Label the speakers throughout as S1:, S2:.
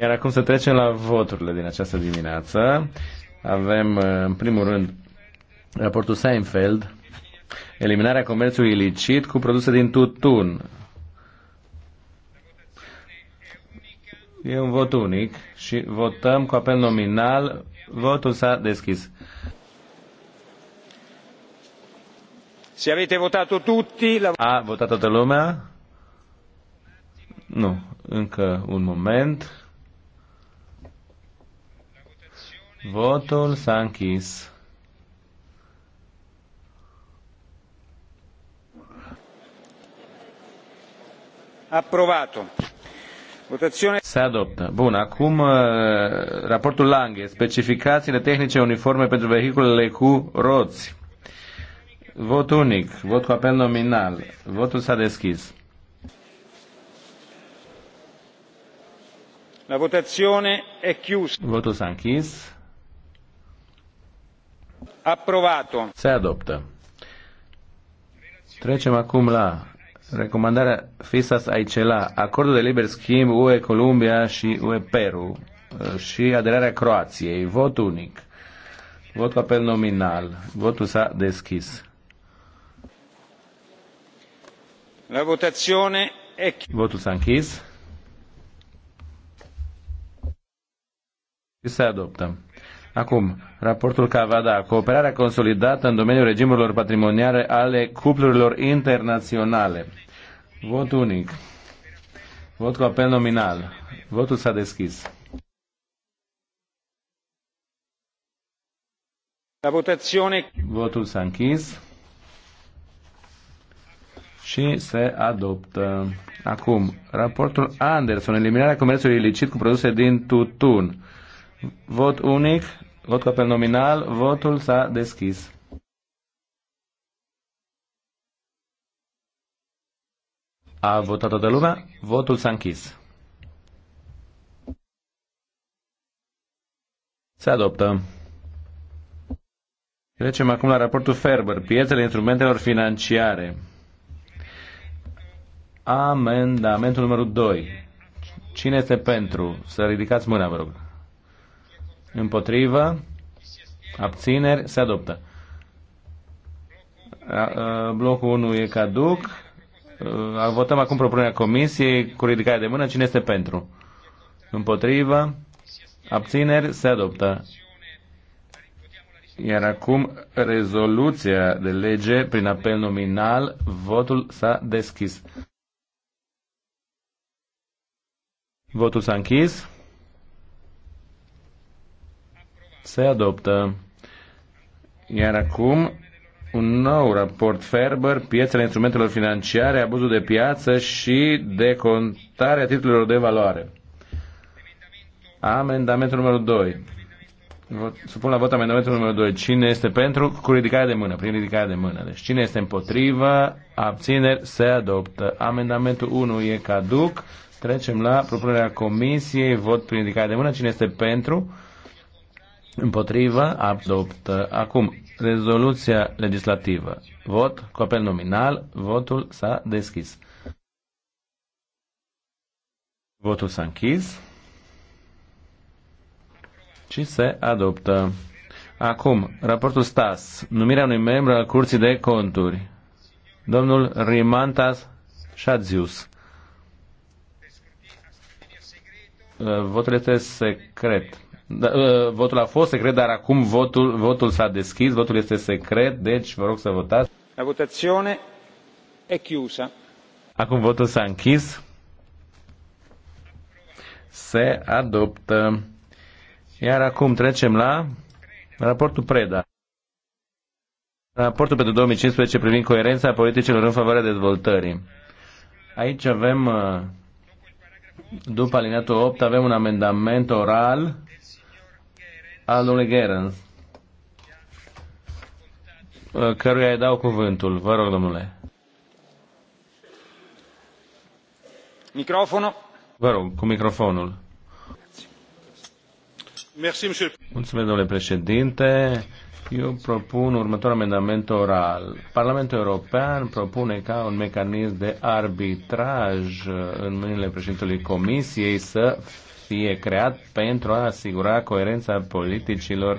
S1: Iar acum să trecem la voturile din această dimineață. Avem, uh, în primul rând, raportul Seinfeld, eliminarea comerțului ilicit cu produse din tutun. E un vot unic și votăm cu apel nominal. Votul s-a deschis. Se avete votat tutti... La... A votat toată lumea? Nu, încă un moment. Votul s-a închis.
S2: Aprovato.
S1: Votazione... Se adoptă. Bun, acum uh, raportul Lange, specificațiile tehnice uniforme pentru vehiculele cu roți. Vot unic, vot cu apel nominal. Votul s-a deschis. La votazione è chiusa. Votul sanchis
S2: Approvato.
S1: Se adoptă. Trecem acum la recomandarea FISAS Aicela, acordul de liber schimb UE Columbia și UE Peru uh, și aderarea Croației. Vot unic. Vot cu apel nominal. Votul s-a deschis.
S2: La votazione e...
S1: Votul s-a închis. și se adoptă. Acum, raportul Cavada, cooperarea consolidată în domeniul regimurilor patrimoniale ale cuplurilor internaționale. Vot unic. Vot cu apel nominal. Votul s-a deschis. La votazione. Votul s-a închis și se adoptă. Acum, raportul Anderson, eliminarea comerțului ilicit cu produse din tutun. Vot unic, vot cu apel nominal, votul s-a deschis. A votat toată lumea, votul s-a închis. Se adoptă. Trecem acum la raportul Ferber, piețele instrumentelor financiare. Amendamentul numărul 2. Cine este pentru? Să ridicați mâna, vă rog. Împotrivă. Abțineri. Se adoptă. Blocul 1 e caduc. Votăm acum propunerea comisiei cu ridicare de mână. Cine este pentru? Împotrivă. Abțineri. Se adoptă. Iar acum rezoluția de lege prin apel nominal, votul s-a deschis. Votul s-a închis. se adoptă. Iar acum un nou raport Ferber, piețele instrumentelor financiare, abuzul de piață și decontarea titlurilor de valoare. Amendamentul numărul 2. Supun la vot amendamentul numărul 2. Cine este pentru? Cu ridicarea de mână. Prin ridicarea de mână. Deci cine este împotrivă? Abțineri. Se adoptă. Amendamentul 1 e caduc. Trecem la propunerea comisiei. Vot prin ridicarea de mână. Cine este pentru? Împotrivă, adoptă. Acum, rezoluția legislativă. Vot cu apel nominal. Votul s-a deschis. Votul s-a închis și se adoptă. Acum, raportul STAS, numirea unui membru al Curții de Conturi, domnul Rimantas Shadzius. Votul este secret. Da, ă, votul a fost secret, dar acum votul, votul s-a deschis, votul este secret, deci vă rog să votați.
S2: La votazione e
S1: chiusa. Acum votul s-a închis. Se adoptă. Iar acum trecem la raportul Preda. Raportul pentru 2015 privind coerența politicilor în favoarea dezvoltării. Aici avem, ă, după alineatul 8, avem un amendament oral al ah, domnului Gerens, uh, căruia îi dau cuvântul. Vă rog, domnule.
S2: Microfonul.
S1: Vă rog, cu microfonul. Mulțumesc, domnule președinte. Eu propun următorul amendament oral. Parlamentul European propune ca un mecanism de arbitraj uh, în mâinile președintelui Comisiei să fie creat pentru a asigura coerența politicilor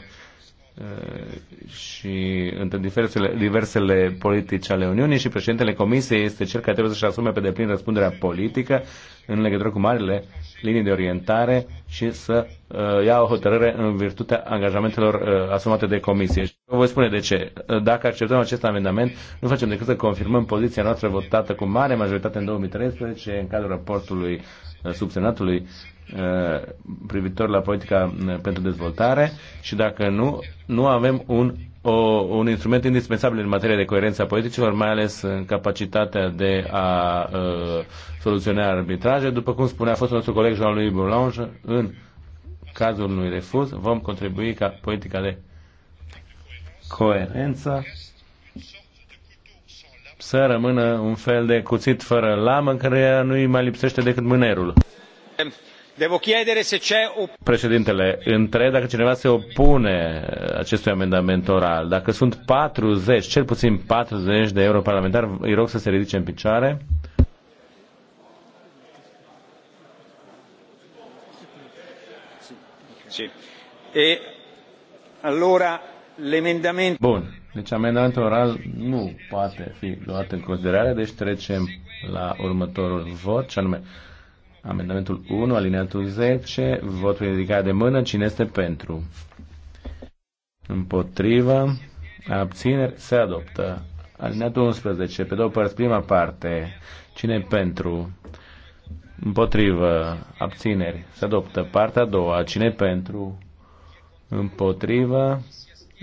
S1: uh, și între diversele, diversele politici ale Uniunii și președintele Comisiei este cel care trebuie să-și asume pe deplin răspunderea politică în legătură cu marile linii de orientare și să uh, ia o hotărâre în virtutea angajamentelor uh, asumate de Comisie. Și vă voi spune de ce. Uh, dacă acceptăm acest amendament, nu facem decât să confirmăm poziția noastră votată cu mare majoritate în 2013 în cadrul raportului uh, subsenatului Uh, privitor la politica uh, pentru dezvoltare și dacă nu, nu avem un, o, un instrument indispensabil în materie de coerență a politicilor, mai ales în capacitatea de a, a uh, soluționa arbitraje. După cum spunea fostul nostru coleg Jean-Louis Boulange, în cazul unui refuz vom contribui ca politica de coerență să rămână un fel de cuțit fără lamă în care nu i mai lipsește decât mânerul. Președintele, întreb dacă cineva se opune acestui amendament oral. Dacă sunt 40, cel puțin 40 de europarlamentari, îi rog să se ridice în picioare.
S2: Sì. E allora
S1: l'emendamento... Bun, deci amendamentul oral nu poate fi luat în considerare, deci trecem la următorul vot, și anume Amendamentul 1, alineatul 10, votul ridicat de mână, cine este pentru? Împotrivă, abțineri, se adoptă. Alineatul 11, pe două părți, prima parte, cine e pentru? Împotrivă, abțineri, se adoptă. Partea a doua, cine e pentru? Împotrivă,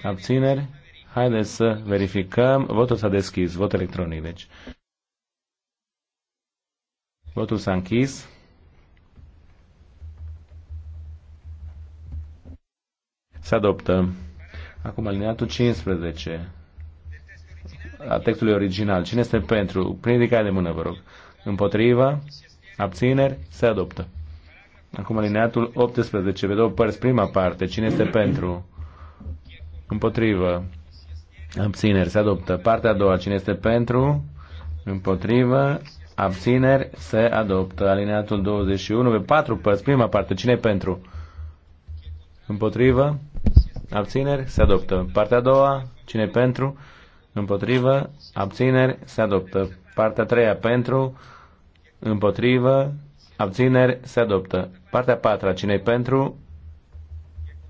S1: abțineri, haideți să verificăm. Votul s-a deschis, vot electronic, deci. Votul s-a închis. Se adoptă. Acum alineatul 15 a textului original. Cine este pentru? Prin ridicare de mână, vă rog. Împotriva? Abțineri? Se adoptă. Acum alineatul 18 pe două părți. Prima parte. Cine este pentru? Împotrivă. Abțineri. Se adoptă. Partea a doua. Cine este pentru? Împotrivă. Abțineri. Se adoptă. Alineatul 21 pe patru părți. Prima parte. Cine e pentru? Împotrivă? Abțineri? Se adoptă. Partea a doua? Cine pentru? Împotrivă? Abțineri? Se adoptă. Partea a treia? Pentru? Împotrivă? Abțineri? Se adoptă. Partea a patra? Cine pentru?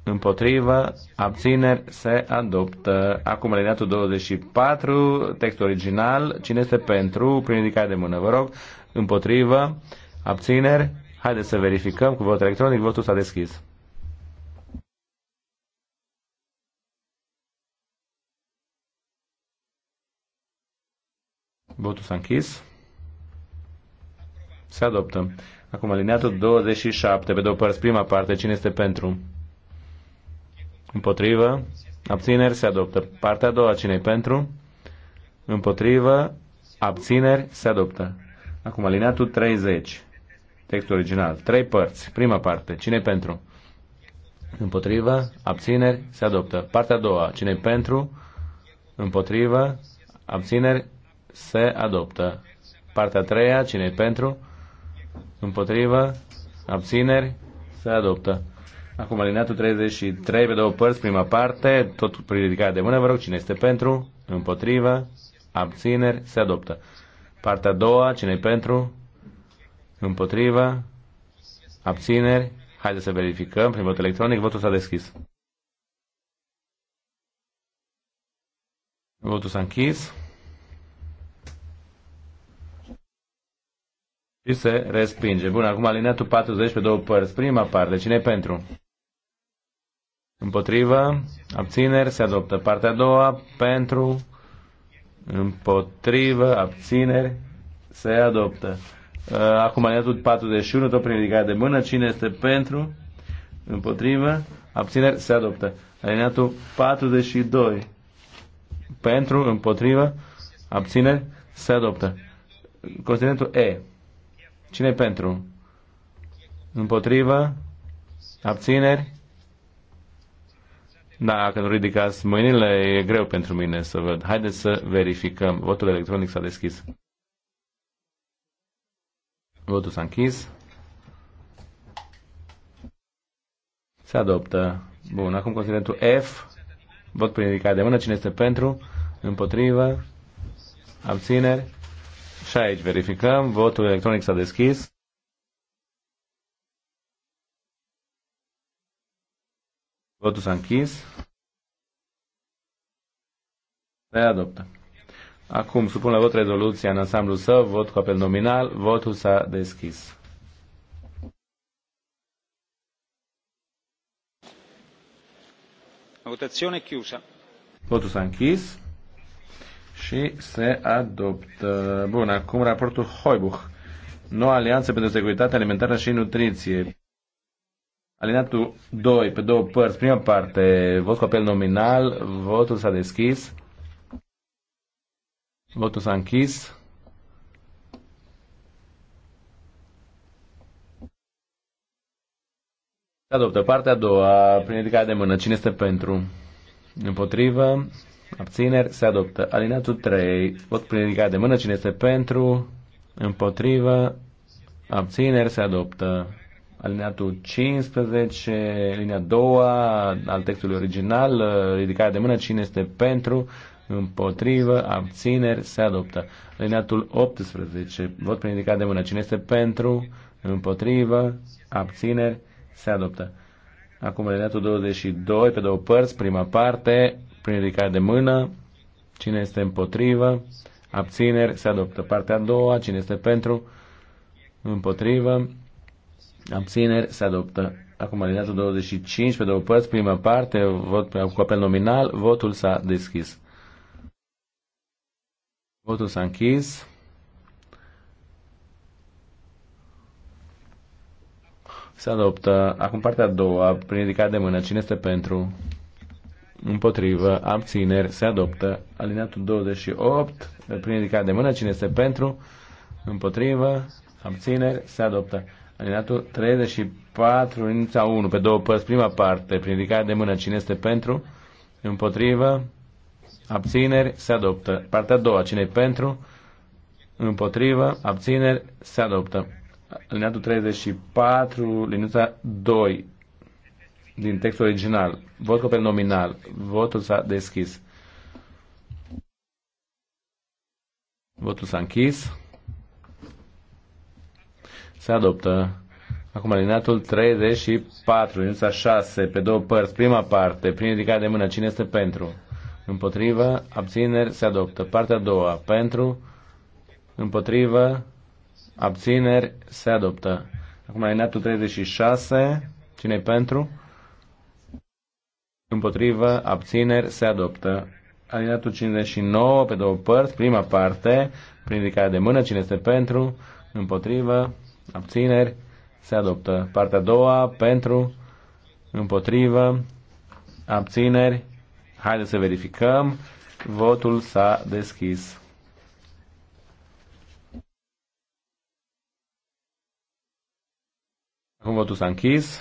S1: Împotrivă, abțineri, se adoptă. Acum, alineatul 24, textul original. Cine este pentru? Prin ridicare de mână, vă rog. Împotrivă, abțineri. Haideți să verificăm cu vot electronic. Votul s-a deschis. Votul s-a închis. Se adoptă. Acum alineatul 27, pe două părți, prima parte, cine este pentru? Împotrivă. Abțineri se adoptă. Partea a doua, cine pentru? Împotrivă. Abțineri se adoptă. Acum alineatul 30. Textul original. Trei părți. Prima parte. cine pentru? Împotrivă. Abțineri se adoptă. Partea a doua. cine pentru? Împotrivă. Abțineri se adoptă. Partea a treia, cine e pentru? Împotrivă? Abțineri? Se adoptă. Acum alineatul 33 pe două părți, prima parte, tot ridicat de mână, vă rog, cine este pentru? Împotrivă? Abțineri? Se adoptă. Partea a doua, cine e pentru? Împotrivă? Abțineri? Haideți să verificăm prin vot electronic. Votul s-a deschis. Votul s-a închis. Și se respinge. Bun, acum alineatul 40 pe două părți. Prima parte, cine pentru? Împotrivă, abțineri, se adoptă. Partea a doua, pentru, împotrivă, abțineri, se adoptă. Uh, acum alineatul 41, tot prin ridicare de mână. Cine este pentru? Împotrivă, abțineri, se adoptă. Alineatul 42, pentru, împotrivă, abțineri, se adoptă. Continentul E Cine pentru? Împotrivă? Abțineri? Da, când ridicați mâinile, e greu pentru mine să văd. Haideți să verificăm. Votul electronic s-a deschis. Votul s-a închis. Se adoptă. Bun, acum considerentul F. Vot prin ridicare de mână. Cine este pentru? Împotrivă? Abțineri? Și aici verificăm. Votul electronic s-a deschis. Votul s-a închis. Se adoptă. Acum supun la vot rezoluția în ansamblu său, vot cu apel nominal, votul s-a deschis.
S2: Votazione chiusa.
S1: Votul s-a închis și se adoptă. Bun, acum raportul Hoibuch. Noua alianță pentru securitate alimentară și nutriție. Alineatul 2, pe două părți. Prima parte, vot cu apel nominal, votul s-a deschis, votul s-a închis. Se adoptă partea a doua, prin ridicare de mână. Cine este pentru? Împotrivă? abțineri, se adoptă. Alineatul 3, vot prin ridicare de mână, cine este pentru, împotrivă, abțineri, se adoptă. Alineatul 15, linia 2 al textului original, ridicare de mână, cine este pentru, împotrivă, abțineri, se adoptă. Alineatul 18, vot prin ridicare de mână, cine este pentru, împotrivă, abțineri, se adoptă. Acum alineatul 22, pe două părți, prima parte, prin ridicare de mână. Cine este împotrivă? Abțineri. Se adoptă. Partea a doua. Cine este pentru? Împotrivă. Abțineri. Se adoptă. Acum, alineatul 25, pe două părți, prima parte, vot cu apel nominal, votul s-a deschis. Votul s-a închis. Se adoptă. Acum partea a doua, prin ridicare de mână. Cine este pentru? împotrivă, abțineri, se adoptă. Alineatul 28, prin ridicare de mână, cine este pentru, împotrivă, abțineri, se adoptă. Alineatul 34, linița 1, pe două părți, prima parte, prin ridicare de mână, cine este pentru, împotrivă, abțineri, se adoptă. Partea a doua, cine e pentru, împotrivă, abțineri, se adoptă. Alineatul 34, linița 2, din textul original. Vot pe nominal. Votul s-a deschis. Votul s-a închis. Se adoptă. Acum alineatul 34, linița 6, pe două părți. Prima parte, prin ridicare de mână, cine este pentru? Împotrivă, abțineri, se adoptă. Partea a doua, pentru, împotrivă, abțineri, se adoptă. Acum alineatul 36, cine pentru? împotrivă, abțineri, se adoptă. Alinatul 59, pe două părți, prima parte, prin ridicare de mână, cine este pentru, împotrivă, abțineri, se adoptă. Partea a doua, pentru, împotrivă, abțineri, haideți să verificăm, votul s-a deschis. Acum votul s-a închis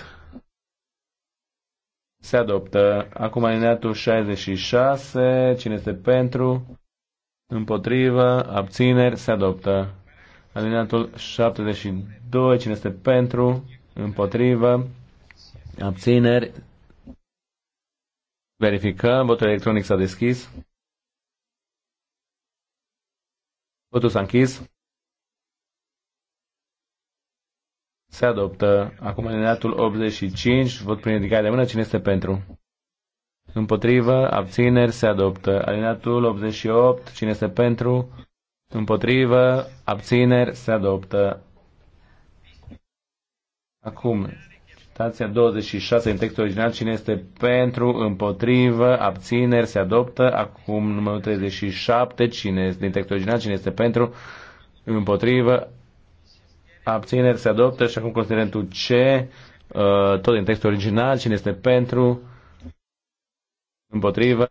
S1: se adoptă. Acum alineatul 66. Cine este pentru? Împotrivă. Abțineri. Se adoptă. Alineatul 72. Cine este pentru? Împotrivă. Abțineri. Verificăm. Votul electronic s-a deschis. Votul s-a închis. Se adoptă. Acum alineatul 85, vot prin ridicare de mână. Cine este pentru? Împotrivă, abțineri, se adoptă. Alineatul 88, cine este pentru? Împotrivă, abțineri, se adoptă. Acum, citația 26 în textul original, cine este pentru, împotrivă, abțineri, se adoptă. Acum, numărul 37, cine este, din textul original, cine este pentru, împotrivă, abțineri se adoptă și acum considerentul C, uh, tot din textul original, cine este pentru, împotrivă,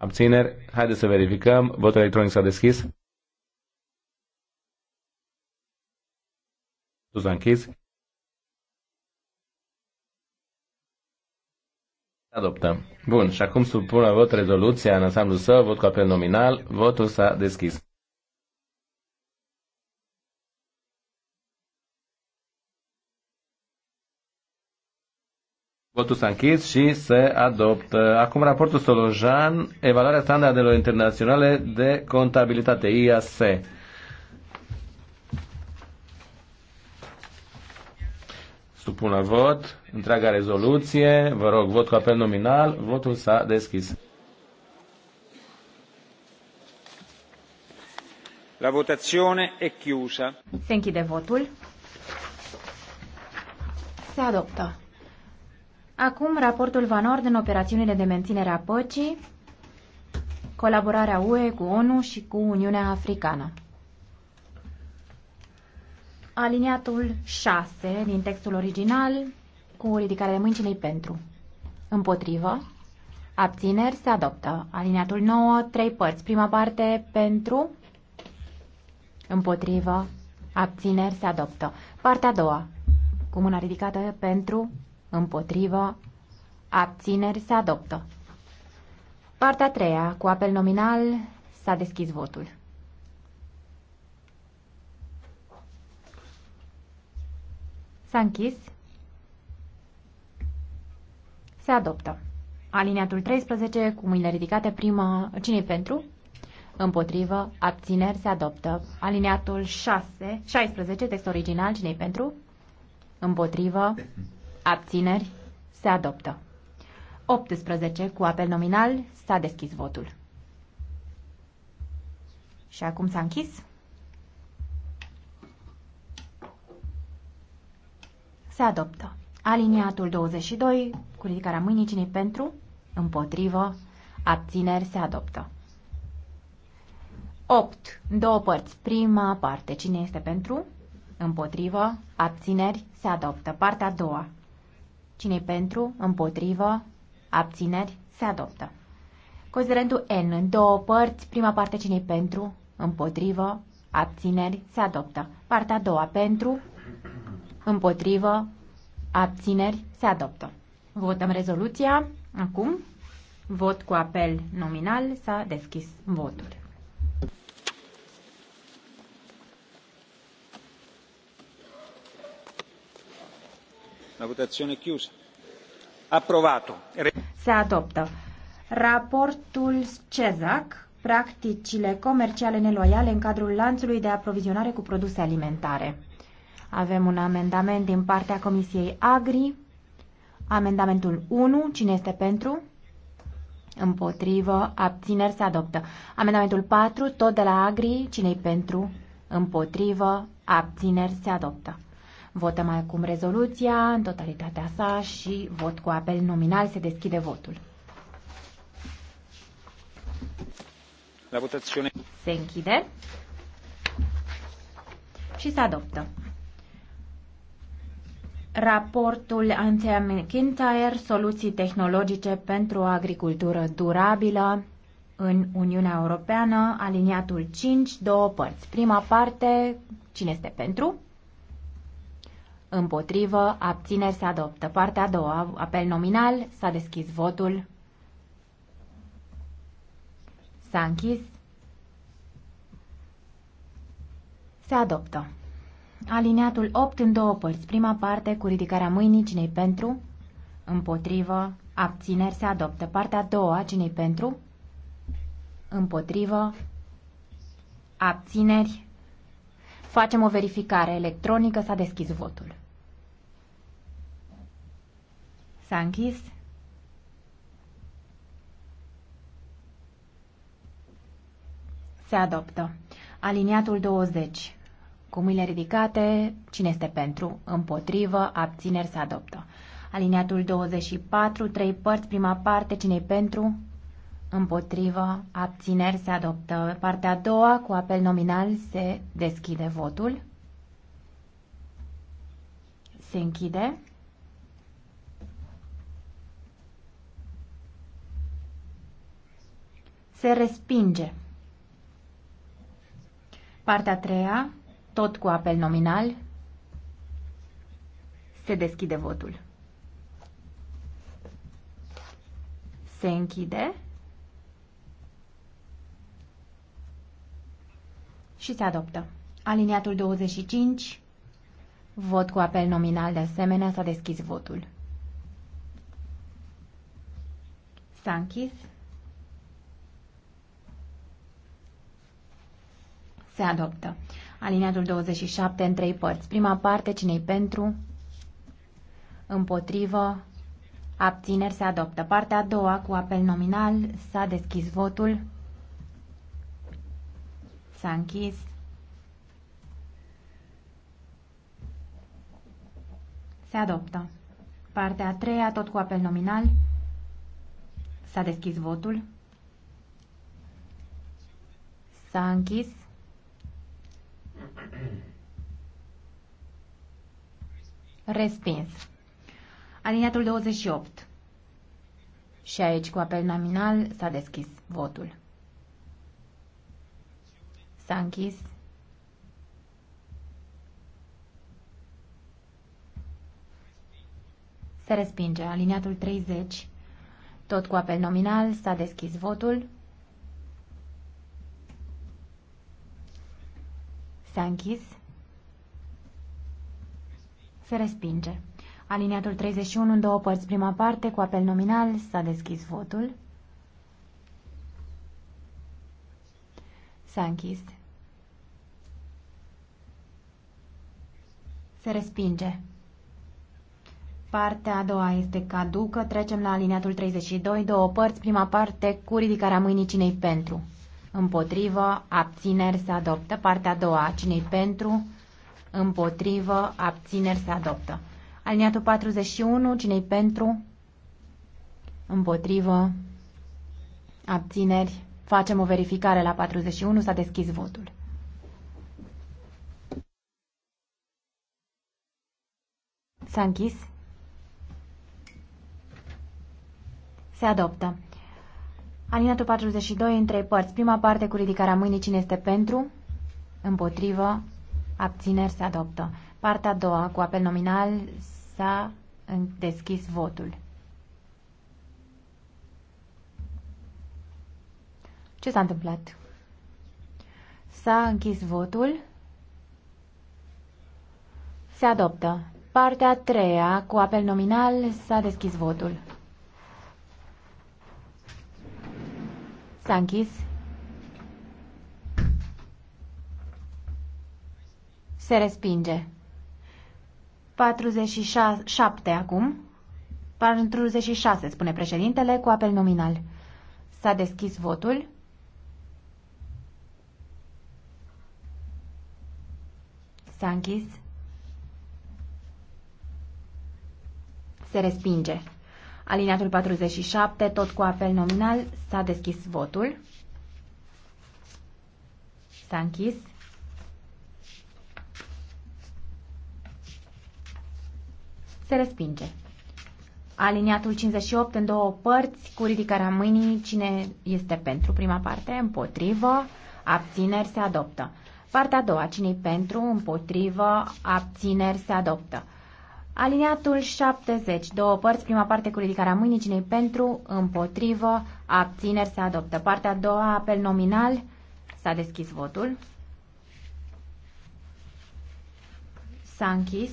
S1: abțineri. Haideți să verificăm, votul electronic s-a deschis. S-a închis. Adoptăm. Bun, și acum supun la vot rezoluția în ansamblu său, vot cu apel nominal, votul s-a deschis. Votul s-a închis și se adoptă. Acum raportul Solojan, evaluarea standardelor internaționale de contabilitate, IAS. Supun la vot întreaga rezoluție. Vă rog, vot cu apel nominal. Votul s-a deschis.
S2: La votazione e chiusa.
S3: Se închide votul. Se adoptă. Acum raportul Van Orden, operațiunile de menținere a păcii, colaborarea UE cu ONU și cu Uniunea Africană. Aliniatul 6 din textul original cu ridicarea de mâinilei pentru. Împotrivă. Abțineri se adoptă. Aliniatul 9, trei părți. Prima parte pentru. Împotrivă. Abțineri se adoptă. Partea a doua. Cu mâna ridicată pentru. Împotrivă. Abțineri se adoptă. Partea treia, cu apel nominal, s-a deschis votul. S-a închis. Se adoptă. Aliniatul 13, cu mâinile ridicate, prima... cine pentru? Împotrivă, abțineri, se adoptă. Aliniatul 6, 16, text original, cine pentru? Împotrivă, Abțineri? Se adoptă. 18. Cu apel nominal s-a deschis votul. Și acum s-a închis. Se adoptă. Aliniatul 22, cu ridicarea mâinii, cine pentru? Împotrivă. Abțineri se adoptă. 8. Două părți. Prima parte. Cine este pentru? Împotrivă. Abțineri se adoptă. Partea a doua. Cine pentru, împotrivă, abțineri, se adoptă. Considerentul N, în două părți, prima parte cine pentru, împotrivă, abțineri, se adoptă. Partea a doua pentru, împotrivă, abțineri, se adoptă. Votăm rezoluția. Acum, vot cu apel nominal, s-a deschis votul. La Se adoptă. Raportul CEZAC, practicile comerciale neloiale în cadrul lanțului de aprovizionare cu produse alimentare. Avem un amendament din partea Comisiei Agri. Amendamentul 1. Cine este pentru? Împotrivă. Abțineri se adoptă. Amendamentul 4. Tot de la Agri. Cine-i pentru? Împotrivă. Abțineri se adoptă. Votăm acum rezoluția în totalitatea sa și vot cu apel nominal. Se deschide votul. La votație. Se închide și se adoptă. Raportul Antea McIntyre, soluții tehnologice pentru o agricultură durabilă în Uniunea Europeană, aliniatul 5, două părți. Prima parte, cine este pentru? împotrivă, abțineri se adoptă. Partea a doua, apel nominal, s-a deschis votul, s-a închis, se adoptă. Alineatul 8 în două părți. Prima parte cu ridicarea mâinii cinei pentru, împotrivă, abțineri se adoptă. Partea a doua cinei pentru, împotrivă, abțineri. Facem o verificare electronică, s-a deschis votul. S-a închis. Se adoptă. Aliniatul 20. Cu mâinile ridicate, cine este pentru? Împotrivă, abțineri se adoptă. Aliniatul 24, trei părți, prima parte, cine pentru? Împotrivă, abțineri se adoptă. Partea a doua, cu apel nominal, se deschide votul. Se închide. se respinge. Partea a treia, tot cu apel nominal, se deschide votul. Se închide și se adoptă. Aliniatul 25, vot cu apel nominal de asemenea, s-a deschis votul. S-a închis Se adoptă. Alineatul 27 în trei părți. Prima parte, cinei pentru, împotrivă, abțineri, se adoptă. Partea a doua, cu apel nominal, s-a deschis votul, s-a închis. Se adoptă. Partea a treia, tot cu apel nominal, s-a deschis votul, s-a închis. Respins. Aliniatul 28. Și aici, cu apel nominal, s-a deschis votul. S-a închis. Se respinge. Aliniatul 30. Tot cu apel nominal s-a deschis votul. S-a închis. Se respinge. Aliniatul 31 în două părți. Prima parte, cu apel nominal, s-a deschis votul. S-a închis. Se respinge. Partea a doua este caducă. Trecem la aliniatul 32, două părți. Prima parte, cu ridicarea mâinii cinei pentru. Împotrivă, abțineri se adoptă. Partea a doua, cinei pentru, împotrivă, abțineri se adoptă. Aliniatul 41, cine pentru, împotrivă, abțineri, facem o verificare la 41, s-a deschis votul. S-a închis. Se adoptă. Aliniatul 42 în trei părți. Prima parte cu ridicarea mâinii cine este pentru, împotrivă, Abțineri se adoptă. Partea a doua, cu apel nominal, s-a deschis votul. Ce s-a întâmplat? S-a închis votul. Se adoptă. Partea a treia, cu apel nominal, s-a deschis votul. S-a închis Se respinge. 47 acum. 46, spune președintele, cu apel nominal. S-a deschis votul. S-a închis. Se respinge. Alineatul 47, tot cu apel nominal, s-a deschis votul. S-a închis. Se respinge. Aliniatul 58 în două părți, cu ridicarea mâinii, cine este pentru prima parte, împotrivă, abțineri, se adoptă. Partea a doua, cine pentru, împotrivă, abțineri, se adoptă. Aliniatul 70, două părți, prima parte cu ridicarea mâinii, cine pentru, împotrivă, abțineri, se adoptă. Partea a doua, apel nominal, s-a deschis votul. S-a închis.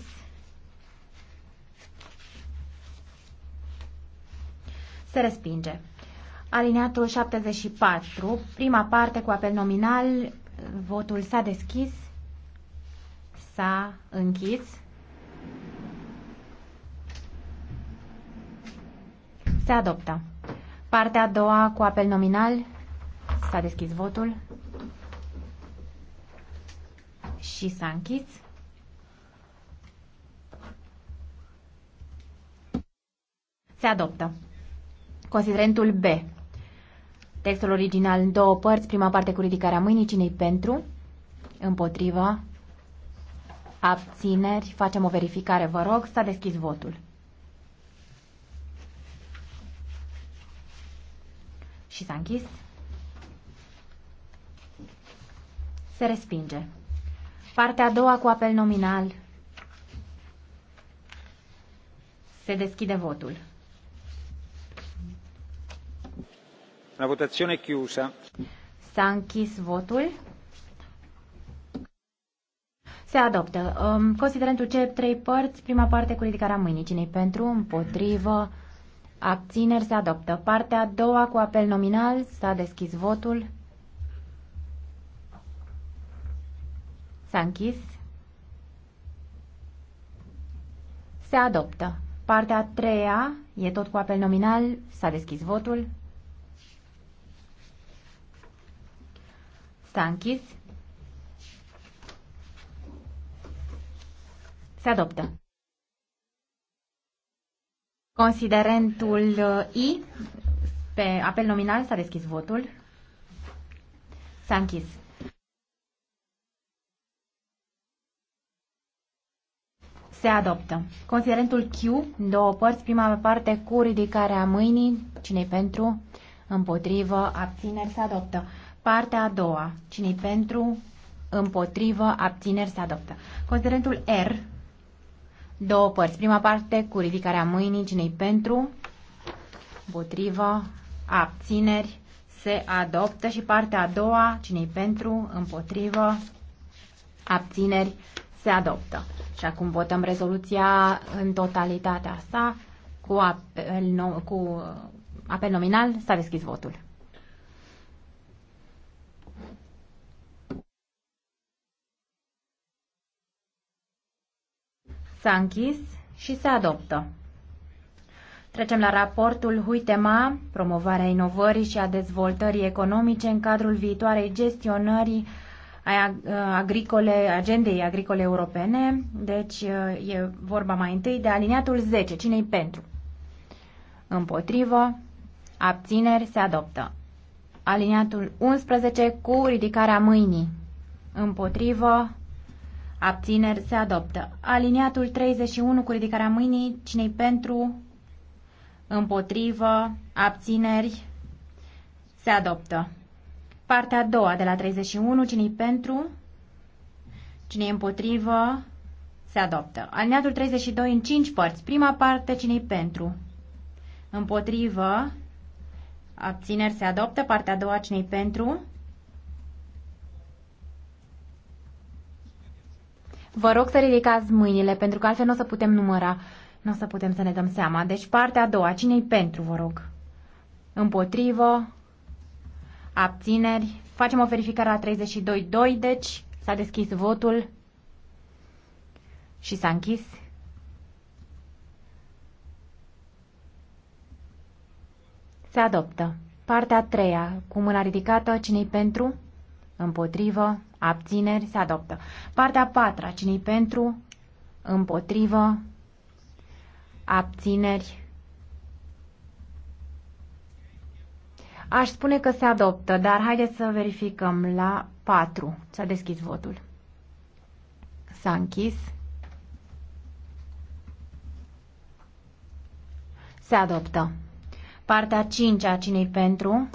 S3: Se respinge. Alineatul 74, prima parte cu apel nominal, votul s-a deschis, s-a închis. Se adoptă. Partea a doua cu apel nominal, s-a deschis votul și s-a închis. Se adoptă. Considerentul B. Textul original în două părți, prima parte cu ridicarea mâinii, cine pentru, împotriva, abțineri, facem o verificare, vă rog, s-a deschis votul. Și s-a închis. Se respinge. Partea a doua cu apel nominal. Se deschide votul.
S2: La votazione chiusa.
S3: S-a închis votul. Se adoptă. Um, considerentul ce trei părți, prima parte cu ridicarea mâinii. cine pentru? Împotrivă. Abțineri se adoptă. Partea a doua cu apel nominal. S-a deschis votul. S-a închis. Se adoptă. Partea a treia e tot cu apel nominal. S-a deschis votul. S-a închis. Se adoptă. Considerentul uh, I, pe apel nominal, s-a deschis votul. S-a închis. Se adoptă. Considerentul Q, două părți, prima parte cu ridicarea mâinii, cine pentru, împotrivă, abțineri, se adoptă. Partea a doua. cine pentru? Împotrivă. Abțineri se adoptă. Considerentul R. Două părți. Prima parte cu ridicarea mâinii. cine pentru? Împotrivă. Abțineri se adoptă. Și partea a doua. cine pentru? Împotrivă. Abțineri se adoptă. Și acum votăm rezoluția în totalitatea sa cu apel, cu uh, apel nominal. S-a deschis votul. S-a închis și se adoptă. Trecem la raportul Huitema, promovarea inovării și a dezvoltării economice în cadrul viitoarei gestionării agricole, agendei agricole europene. Deci uh, e vorba mai întâi de aliniatul 10. Cine-i pentru? Împotrivă. Abțineri se adoptă. Aliniatul 11 cu ridicarea mâinii. Împotrivă. Abțineri se adoptă. Aliniatul 31 cu ridicarea mâinii. Cine-i pentru? Împotrivă. Abțineri se adoptă. Partea a doua de la 31. Cine-i pentru? Cine-i împotrivă? Se adoptă. Aliniatul 32 în 5 părți. Prima parte. Cine-i pentru? Împotrivă. Abțineri se adoptă. Partea a doua. Cine-i pentru? Vă rog să ridicați mâinile, pentru că altfel nu o să putem număra. Nu o să putem să ne dăm seama. Deci partea a doua. cine pentru, vă rog? Împotrivă? Abțineri? Facem o verificare la 32.2, deci s-a deschis votul și s-a închis. Se adoptă. Partea a treia. Cu mâna ridicată, cine-i pentru? Împotrivă? Abțineri se adoptă. Partea a patra, cine pentru? Împotrivă. Abțineri. Aș spune că se adoptă, dar haideți să verificăm la 4. S-a deschis votul. S-a închis. Se adoptă. Partea 5 a cinei pentru,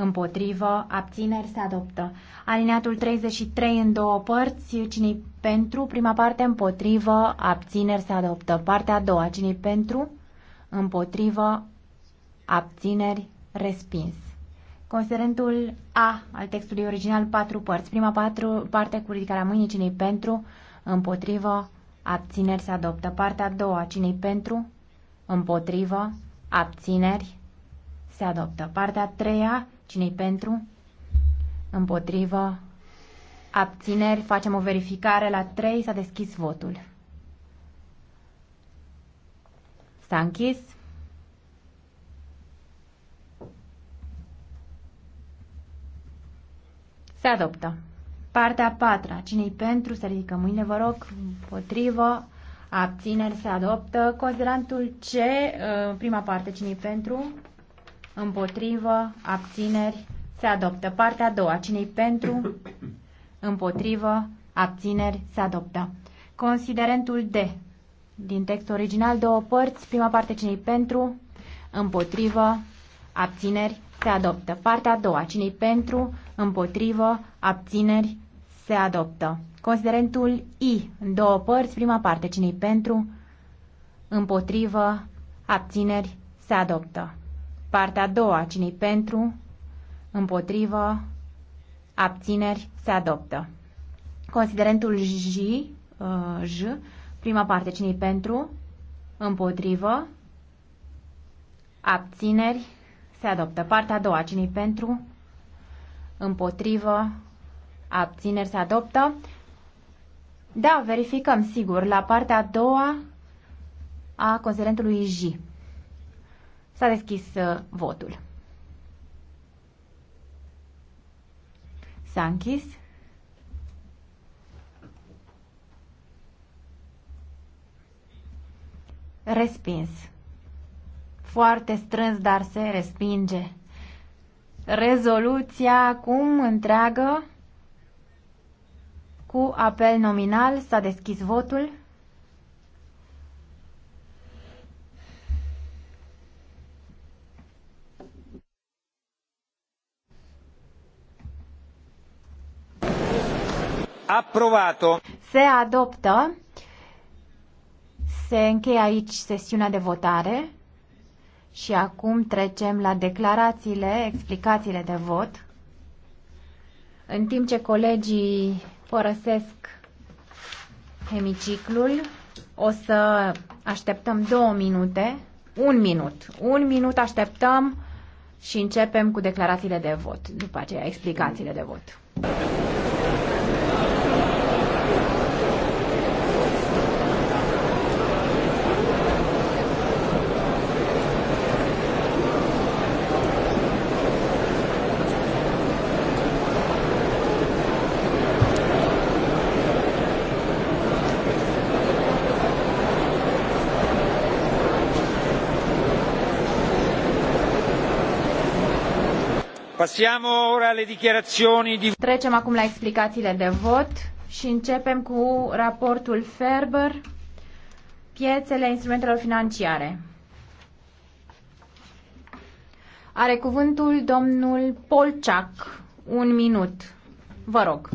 S3: împotrivă, abțineri se adoptă. Alineatul 33 în două părți, cine pentru, prima parte împotrivă, abțineri se adoptă. Partea a doua, cine pentru, împotrivă, abțineri, respins. Considerentul A al textului original, patru părți. Prima patru, parte cu ridicarea mâinii, cine pentru, împotrivă, abțineri se adoptă. Partea a doua, cine pentru, împotrivă, abțineri, se adoptă. Partea a treia, Cine-i pentru? Împotrivă? Abțineri? Facem o verificare. La 3 s-a deschis votul. S-a închis. Se adoptă. Partea a patra. Cine-i pentru? Să ridică mâinile, vă rog. Împotrivă. Abțineri se adoptă. Considerantul C, uh, prima parte, cine i pentru? împotrivă, abțineri, se adoptă. Partea a doua, cine pentru, împotrivă, abțineri, se adoptă. Considerentul D. Din text original, două părți. Prima parte, cine pentru, împotrivă, abțineri, se adoptă. Partea a doua, cine pentru, împotrivă, abțineri, se adoptă. Considerentul I, în două părți, prima parte, cine pentru, împotrivă, abțineri, se adoptă. Partea a doua, cine pentru, împotrivă, abțineri, se adoptă. Considerentul J, uh, J prima parte, cine pentru, împotrivă, abțineri, se adoptă. Partea a doua, cine pentru, împotrivă, abțineri, se adoptă. Da, verificăm, sigur, la partea a doua a considerentului J. S-a deschis uh, votul. S-a închis. Respins. Foarte strâns, dar se respinge. Rezoluția acum întreagă cu apel nominal s-a deschis votul.
S2: Approvato.
S3: Se adoptă. Se încheie aici sesiunea de votare și acum trecem la declarațiile, explicațiile de vot. În timp ce colegii părăsesc hemiciclul, o să așteptăm două minute, un minut. Un minut așteptăm și începem cu declarațiile de vot, după aceea explicațiile de vot.
S2: Passiamo ora alle dichiarazioni di...
S3: Trecem acum la explicațiile de vot și începem cu raportul Ferber, piețele instrumentelor financiare. Are cuvântul domnul Polciac. Un minut. Vă rog.